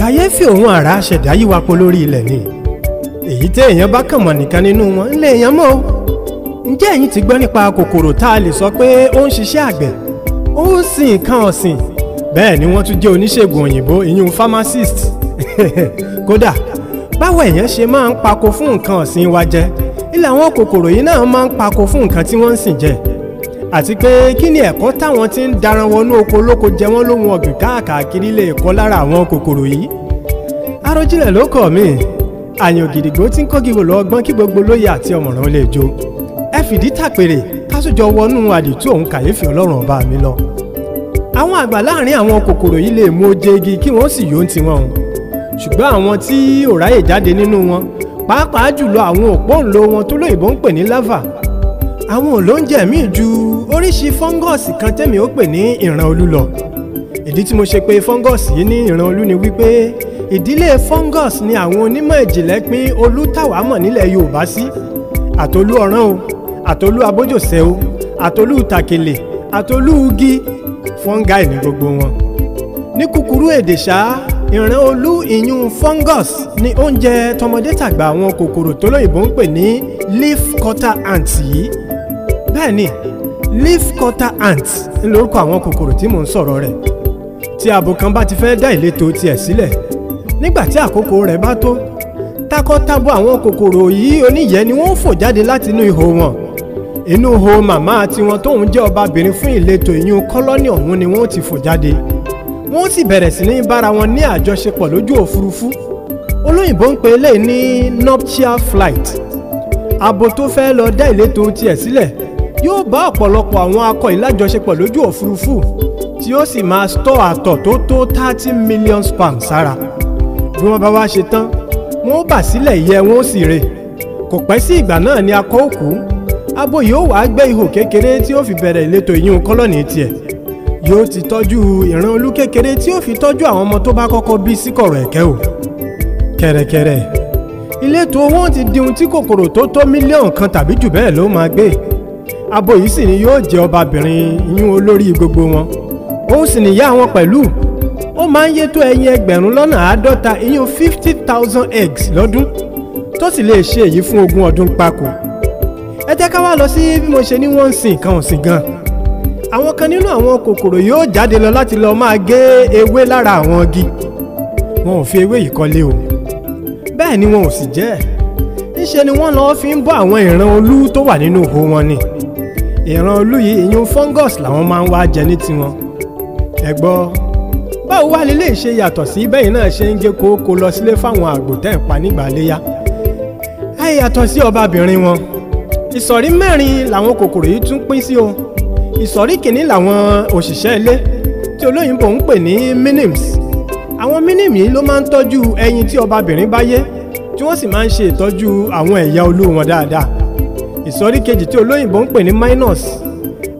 kàyéfì òun àrà ṣẹ̀dá yíwa po lórí ilẹ̀ ni èyí tẹ́ èèyàn bá kàn mọ̀ nìkan nínú wọn ń lé èèyàn mọ́ o ǹjẹ́ ẹ̀yin ti gbọ́ nípa kòkòrò tá a lè sọ pé ó ń ṣiṣẹ́ àgbẹ̀ ó ń sin nǹkan ọ̀sìn bẹ́ẹ̀ ni wọ́n tún jẹ́ oníṣègùn òyìnbó ìyún pharmacist kódà báwo èèyàn ṣe máa ń pako fún nǹkan ọ̀sìn wa jẹ ilẹ̀ àwọn kòkòrò yìí náà máa ń pako fún nǹkan tí wọ́n ń sìn jẹ àti pé kí ni ẹ̀kọ́ táwọn ti ń daran wọnú oko olóko jẹ wọ́n lóhun ọ̀gbìn káàkiri lè kọ́ lára àwọn kòkòrò yìí Àròjinlẹ̀ ló kọ̀ mí àyàn gidigbo ti ń kọ́ gígbò lọ ọgbọ́n kí gbogbo lóye àti ọ̀mọ̀ràn lè jó ẹ fìdí tàpèrè kásùjọ wọnú àdìtú òun kàyéfì ọlọ́run ọba mi lọ àwọn àgbà láàrin àwọn kòkòrò yìí lè mú oje igi kí wọ́n sì yóò tiwọn o ṣùgbọ́n àwọn tí òráyè jáde nínú wọn pàápàá jùlọ àwọn òpóǹlo wọn tó lóyìnbó ń pè ní larva àwọn olóúnjẹ mi ju oríṣi fọ́ngọ́ọ̀sì kan tẹ́mi ó pè ní ìran olú lọ ìdí tí mo ṣe pé fọ́ngọ́ọ̀sì yìí ní ìran olú ni wípé ìdílé fọ́ngọ́ọ̀s ni àwọn onímọ̀ ìjìnlẹ̀ pín olú táwa mọ̀ nílẹ̀ Yorùbá sí àtolú ọ̀rán o àtolú abójòsẹ́ o àtolú tàkèlè àtolú ugi fọ́ngáì ní gbogbo wọn ní kúkúrú èdè ṣá ìran olú ìyún fungus ni oúnjẹ tọmọdé tàgbà àwọn kòkòrò tólóyìnbó ń pè ní leaf cutter ants yìí bẹ́ẹ̀ ni leaf cutter ants ń lórúkọ àwọn kòkòrò tí mò ń sọ̀rọ̀ rẹ̀ tí abo kan bá ti fẹ́ dá ìletò tiẹ̀ sílẹ̀ nígbà tí àkókò rẹ̀ bá tó takọ́tabo àwọn kòkòrò yìí oníyẹ́ ni wọ́n fò jáde láti inú ihò wọn inú ihò màmá tiwọn tóun jẹ́ ọbabìnrin fún ìletò ìyún kọ́lọ́nì ọ̀hún ni wọ́n ti fò jáde wọ́n sì bẹ̀rẹ̀ sí ní bára wọn ní àjọṣepọ̀ lójú òfurufú olóyìnbó ń pe eléyìí ní nuptial flight abo tó fẹ́ lọ dá ìletò tiẹ̀ sílẹ̀ yóò bá ọ̀pọ̀lọpọ̀ àwọn akọ̀yìn lájọṣepọ̀ lójú òfurufú tí ó sì máa store àtọ̀ tó tó thirty million sperm sára bí wọ́n bá wá ṣe tán wọ́n ó bà sílẹ̀ ìyẹ́ wọn ó sì re kò pẹ́ sí ìgbà náà ni akọ òkú abo yóò wá gbé ihò kékeré tí ó fi bẹ̀rẹ̀ ìletò ìyún kọ́lọ́nì tiẹ̀ yóò ti tọ́jú ìran olú kékeré tí ó fi tọ́jú àwọn ọmọ tó bá kọ́kọ́ bí síkọ̀rọ̀ ẹ̀kẹ́ o kẹ̀rẹ̀kẹ̀rẹ̀ ìletò wọn ti di ohun tí kòkòrò tó tó mílíọ̀nù kan tàbí jù bẹ́ẹ̀ ló máa gbé abo yìí sì ni yóò jẹ́ ọbabìnrin yún olórí gbogbo wọn òun sì nìyá wọn pẹ̀lú ó máa ń yé tó ẹyin ẹgbẹ̀rún lọ́nà àádọ́ta ìyún fifty thousand eggs lọ́dún tó sì lè ṣe èyí fún ogún ọdún papò ẹ jẹ́ ká wá lọ sí bí mo ṣe ní wọ́n ń sin nǹkan ọ̀sìn gan àwọn kan nínú àwọn kòkòrò yóò jáde lọ láti lọ máa gé ewé lára àwọn igi wọn ò fi ewé yìí kọ́lé o bẹ́ẹ̀ ni wọn ò sì jẹ́ ẹ̀ ńṣe ni wọ́n lọ́ọ́ fi ń bọ́ àwọn ìran olú tó wà nínú ihò wọn ni ìran olú yìí ìyún fungus làwọn máa ń wá jẹ ní tiwọn ẹ gbọ́ báwo wá lè lè ṣe yàtọ̀ sí bẹ́yìn náà ṣe ń gé kóókó lọ sílé fáwọn àgbò tẹ́ ẹ̀ pa nígbà léyà ẹ yàtọ̀ sí ọbabìnrin wọn ìsọ̀rí mẹ́rin làwọn kòkòrò yìí tún pín sí o ìsọ̀rí kìíní làwọn òṣìṣẹ́ ilé tí olóyìnbó ń pè ní minims àwọn minims yìí ló máa ń tọ́jú ẹyin tí ọbabìnrin bá yé tí wọ́n sì máa ń ṣe ìtọ́jú àwọn ẹ̀yà olú wọn dáadáa ìsọ̀rí kejì tí olóyìnbó ń pè ní minors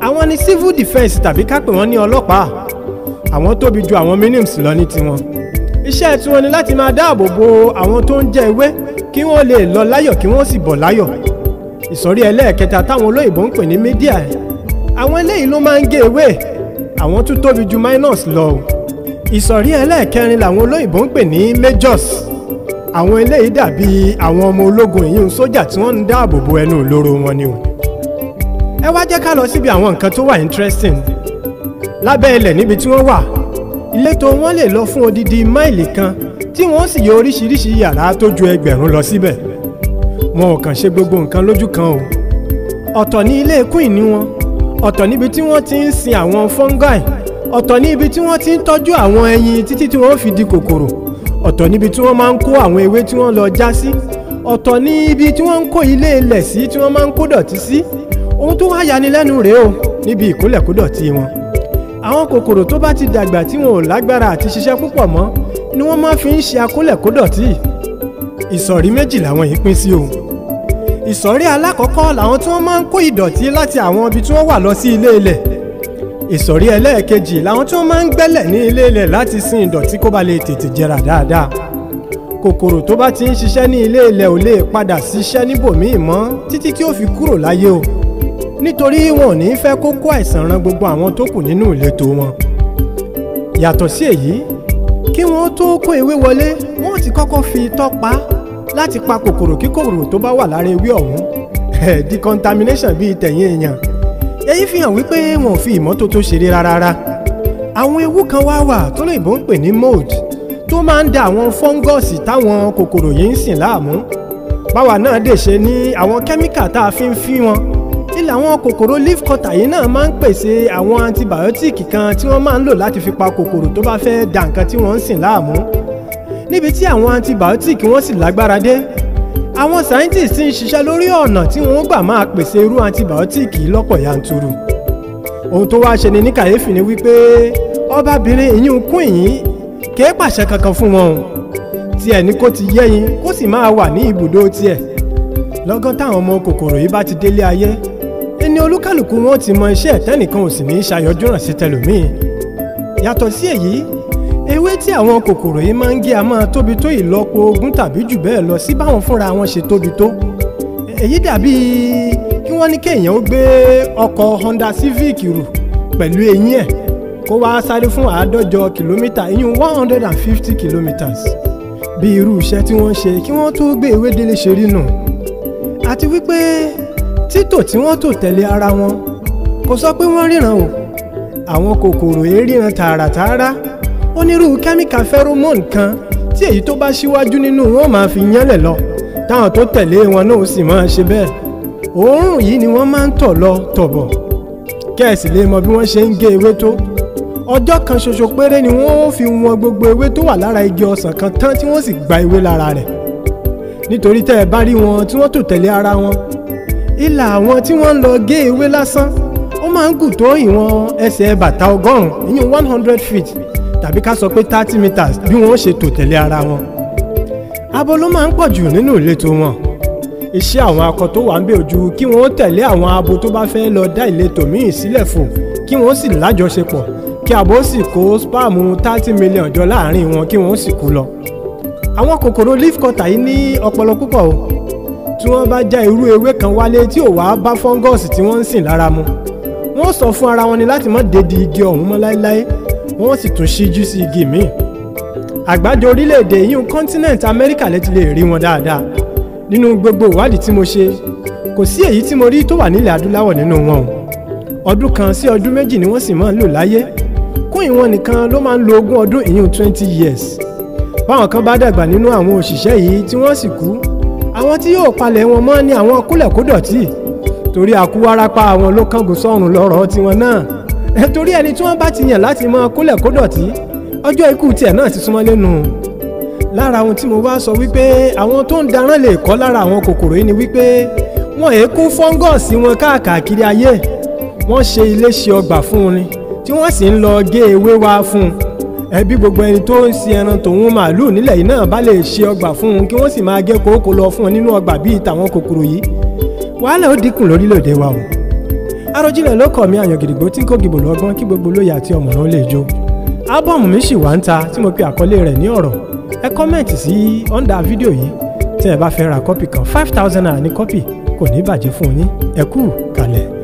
àwọn ni civil defence tàbí ká pè wọ́n ní ọlọ́pàá àwọn tóbi ju àwọn minims lọ ní tiwọn iṣẹ́ tiwọn ni láti máa dáàbò bo àwọn tó ń jẹ ewé kí wọ́n lè lọ láyọ̀ kí wọ́n sì bọ̀ láyọ̀ ìsọ̀rí ẹlẹ́ẹ̀kẹta táwọn olóyìnbó ń pè ní media àwọn eléyìí ló máa ń gé ewé àwọn tún tóbi ju minors lọ ìsọ̀rí ẹlẹ́ẹ̀kẹrin làwọn olóyìnbó ń pè ní majors àwọn eléyìí dàbí àwọn ọmọ ológun èyí ń sójà tí wọ́n ń dáàbò bo ẹnu ìloro wọn ni o ẹ wá jẹ́ ká lọ síbi àwọn nǹkan tó wà interesting lábẹ́ ilẹ̀ níbi tí wọ́n wà ìletò wọn lè lọ fún odidi máìlì kan tí wọ́n sì yọ oríṣiríṣi yàrá tó ju ẹgbẹ̀rún lọ síbẹ̀ wọn ò kàn ṣe gbogbo nǹkan lójú kan o ọ̀tọ̀ ní ilé ikú ìní wọn ọ̀tọ̀ níbi tí wọ́n ti ń sin àwọn fungi ọ̀tọ̀ ní ibi tí wọ́n ti ń tọ́jú àwọn ẹyin títí tí wọ́n fi di kòkòrò ọ̀tọ̀ níbi tí wọ́n máa ń kó àwọn ewé tí wọ́n lọ já sí ọ̀tọ̀ ní ibi tí wọ́n ń kó ilé ilẹ̀ sí tí wọ́n máa ń kó dọ̀tí sí ohun tó wá yanilẹ́nu rèé o níbi ìkólẹ̀kódọ̀tí wọn àwọn kòkòrò tó bá ti dàgbà tí wọn ò lágbára àti ṣiṣẹ́ púpọ̀ mọ́ ni wọ́n máa fi ń ṣe akólẹ̀kódọ̀tí ìsọ̀rí méjì làwọn yìí pín sí o ìsọ̀rí alákọ̀ọ́kọ́ làwọn tí wọ́n máa ń kó ìdọ̀tí láti àwọn ibi tí wọ́n wà lọ sí ilé ilẹ̀ ìsọ̀rí ẹlẹ́ẹ̀kejì làwọn tí wọ́n máa ń gbẹ́lẹ̀ ní ilé ilẹ̀ láti sin ìdọ̀tí kó ba lè tètè jẹrà dáadáa kòkòrò tó bá ti ń ṣiṣẹ́ ní ilé ilẹ̀ ò lè padà síṣẹ́ níbòmíì mọ́ títí tí ó fi kúrò láyé o nítorí wọn ò ní fẹ́ kó kó àìsàn ran gbogbo àwọn tó kù nínú ìletò wọn yàtọ̀ sí èyí kí wọ́n tó kó ewé wọlé wọ́n ti kọ́kọ́ fi itọ́ pa láti pa kòkòrò kí tó bá wà lára ewé ọ̀hún decontamination bíi tẹ̀yìn èèyàn èyí fi hàn wípé wọn ò fi ìmọ́tótó ṣeré rárá àwọn ewu kan wá wà tó lóyìnbó ń pè ní mold tó máa ń da àwọn fọ́ngọ́ọ̀sì táwọn kòkòrò yìí ń sìn láàmú báwa náà dè ṣe ní àwọn kẹ́míkà tá a fi ń fi wọn ilẹ̀ àwọn kòkòrò leaf cutter yìí náà máa ń pèsè àwọn antibiotics kan tí wọ́n máa ń lò láti fi pa kòkòrò tó bá fẹ́ da nǹkan tí wọ́n ń sìn láàmú níbi tí àwọn antibiotics wọ́n sì lágbára dé àwọn scientists ń ṣiṣẹ́ lórí ọ̀nà tí wọ́n gbà máa pèsè irú antibiotics lọ́pọ̀ yanturu ohun tó wá ṣe ni ní kàyéfì ni wípé ọbabìnrin ìyún kún yìí kìí pàṣẹ kankan fún wọn o tiẹ̀ ni kó ti yẹ́yin kó sì máa wà ní ibùdó tiẹ̀ lọ́gán táwọn ọmọ kòkòrò yìí bá ti délé ayé ẹni olúkálùkù wọn ti mọ iṣẹ́ ẹ̀tẹ́nìkan ò sì ní í ṣàyọjú ràn sí tẹlòmíì yàtọ̀ sí èyí ewé tí àwọn kòkòrò yìí máa ń gé a máa tóbi tó ìlọ́po ogún tàbí jù bẹ́ẹ̀ lọ sí báwọn fúnra wọn ṣe tóbi tó èyí dàbí kí wọ́n ní kéèyàn ó gbé ọkọ̀ Honda Civic rù pẹ̀lú eyín ẹ̀ kó wá sáré fún àádọ́jọ kìlómítà ìyún one hundred and fifty kilometres bí irú iṣẹ́ tí wọ́n ṣe kí wọ́n tó gbé ewé délé ṣe rí nù àti wípé títò tí wọ́n tò tẹ̀lé ara wọn kò sọ pé wọ́n ríran o àwọn kòkòrò èéríran tààràtààrà onírúurú kẹ́míkà pheromone kan tí èyí tó bá síwájú nínú wọn máa fi yánlẹ̀ lọ táwọn tó tẹ̀lé wọn náà sì máa ṣe bẹ́ẹ̀ òórùn yìí ni wọ́n máa ń tọ̀ lọ tọ̀bọ̀ kẹ́ẹ̀sì lè mọ bí wọ́n ṣe ń gé ewé tó ọjọ́ kan ṣoṣo péré ni wọ́n fi wọn gbogbo ewé tó wà lára igi ọsàn kan tán tí wọ́n sì gba ewé lára rẹ̀ nítorí tẹ́ ẹ bá rí wọn tí wọ́n tò tẹ̀lé ara wọn ìlà àwọn tí wọ́n ń lọ gé ewé lásán ó máa ń gùn tó ìwọ̀n ẹsẹ̀ bàtà ọgọ́rùn-ún ìyún one hundred feet tàbí ká sọ pé thirty meters bí wọ́n ṣe tò tẹ̀lé ara wọn. abo ló máa ń pọ̀ jù nínú ìletò wọn iṣẹ́ àwọn akọ tó wà ń bẹ̀ ojú kí wọ́n tẹ̀lé àwọn abo tó bá fẹ́ lọ dá ìletò míì sílẹ̀ fò kí wọ́n sì lájọṣepọ̀ kí abo sì kó spáàmù thirty million jọ láàrin wọn kí wọ́n sì kú lọ. àwọn kòkòrò leaf cutter yìí ní ọpọlọ púpọ̀ o tí wọ́n bá já irú ewé kan wálé tí ò wá bá fọ́ngọ́ọ̀sì tí wọ́n ń sìn lára mu wọ́n sọ fún ara wọn ni láti má dédi igi ọ̀hún mọ́ láéláé wọ́n sì tún ṣíjú sí igi míì àgbájọ orílẹ̀-èdè yíyún continent Amẹ́ríkà lẹ ti lè rí wọn dáadáa nínú gbogbo ìwádìí tí mo ṣe kò sí èyí tí mo rí tó wà nílẹ̀ adúláwọ̀ nínú wọn o ọdún kan sí ọdún méjì ni wọ́n sì máa ń lò láyé kún ìwọn nìkan ló máa ń lo ogún ọdún ìyún twenty years báwọn kan bá dàgbà nínú àwọn òṣìṣẹ́ yìí tí wọ́n sì kú àwọn tí yóò palẹ̀ wọn mọ́ ni àwọn kúlẹ̀kúdọ̀tì torí àkúwárápá àwọn ló kángun sọ́run lọ́rọ̀ tiwọn náà torí ẹni tí wọ́n bá ti yàn láti máa kólẹ̀ kó dọ̀tí ọjọ́ ikú tiẹ̀ náà ti súnmọ́ lẹ́nu lára ohun tí mo wá sọ wípé àwọn tó ń darán lè kọ́ lára àwọn kòkòrò yìí ni wípé wọ́n èé kó fọ́ngọ̀sì wọn káàkiri ayé wọ́n ṣe ilé ṣe ọgbà fún un ni tí wọ́n sì ń lọ gé ewé wá fún un ẹbí gbogbo ẹni tó ń sin ẹran tòun màálùú nílẹ̀ yìí náà bá lè ṣe ọgbà fún un kí wọ́n sì máa gé kókó lọ fún un nínú ọgbà bíi tàwọn kòkòrò yìí wàhálà ó dínkù lórílẹ̀‐èdè wa o. Àròjinlẹ̀ ló kọ̀ mí àyàngìdìgbò tí ń kó gbogbo lọ́gbọ́n kí gbogbo olóye àti ọ̀mọ̀ràn lè jó ábọ̀mù mi ṣì wá ń ta tí mo pe àkọlé rẹ̀ ní ọ̀rọ̀ ẹ kọ́mẹ̀ntì sí ọ́ndà fídíò yìí tí ẹ bá fẹ́ ra kọ́pì kan five thousand naira ní kọ́pì kò ní bàjẹ́ fún yín ẹ kú kalẹ̀.